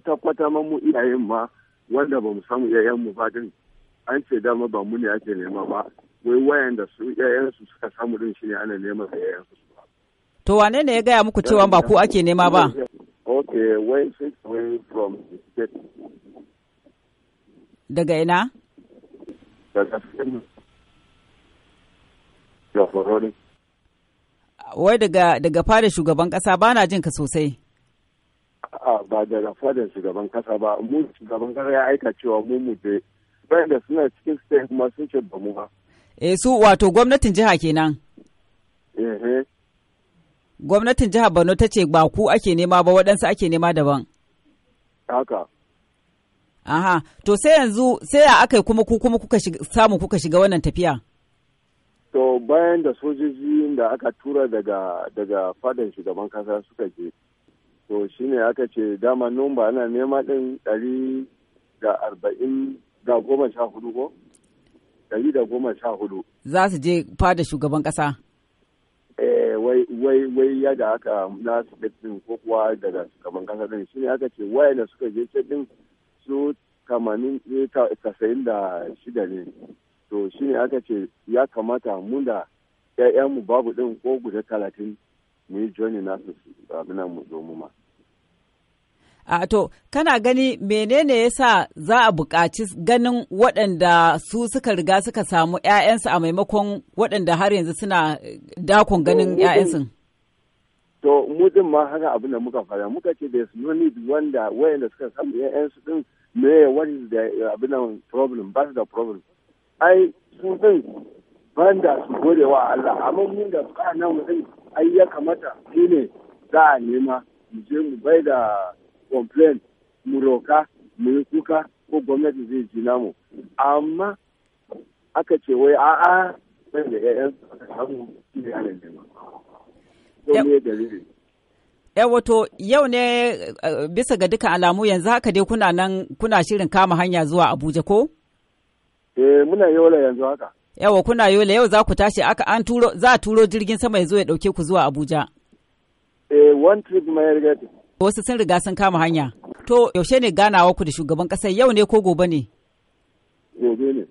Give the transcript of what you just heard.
kwata-kwata ma mu iyayen ma wanda ba mu samu mu ba din an ce dama ba mu ne ake nema ba wai wayanda su iyayen su suka samu din shi ne ana nema da iyayen su ba. To wane ne ya gaya muku cewa ba ku ake nema ba? Okay, wai six away from the state. Daga ina? Daga Wai daga daga fada shugaban kasa bana jin ka sosai. a'a ba daga fadar shugaban kasa ba mu shugaban kasa ya aika cewa mu mu je bayan da suna cikin state kuma sun ce ba mu ba eh su wato gwamnatin jiha kenan eh, eh gwamnatin jiha Borno ta ce ba ku ake nema ba waɗansu ake nema daban haka aha to sai yanzu sai ya aka kuma ku kuma kuka samu kuka shiga wannan tafiya to bayan da sojoji da aka tura daga daga fadan shugaban kasa suka je shine aka ce dama numba ana nema din ɗari da arba'in da goma sha hudu ko? Ɗari da goma sha hudu. Za su je fada shugaban ƙasa? Eh, wai wai da aka na su ko kuwa daga shugaban ƙasa din shine aka ce da suka je din su tamanin kasayin eh, da shida ne to shine aka ce ya kamata mu da ‘ya'yanmu babu ɗin ko guda talatin mu yi joni nasu abinan mu zo mu ma. A to, kana gani menene ya sa za a buƙaci ganin waɗanda su suka riga suka samu 'ya'yansu a maimakon waɗanda har yanzu suna eh, dakon ganin 'ya'yansu? To, mu din ma haka abin da muka fara muka ce da su nuni wanda wayanda suka samu 'ya'yansu din me what is the eh, abin da problem ba su da problem. Ai, su din ban da su gode wa Allah, amma mun da suka nan mutum ai ya kamata shi ne za a nema mu je mu bai da complain mu roka mu yi kuka ko gwamnati zai ji namu amma aka ce wai a a sai da 'ya'yan samu ne a dalili wato yau ne eh, bisa ga duka alamu yanzu haka dai kuna nan kuna shirin kama hanya zuwa Abuja ko? Eh muna yola yanzu haka. Yawa kuna yola yau za ku tashi aka an turo za a turo jirgin sama ya zo ya dauke ku zuwa Abuja. Eh one trip ma ya riga wasu sun riga sun kama hanya to yaushe ne ganawa ku da shugaban kasa yau ne ko gobe ne gobe ne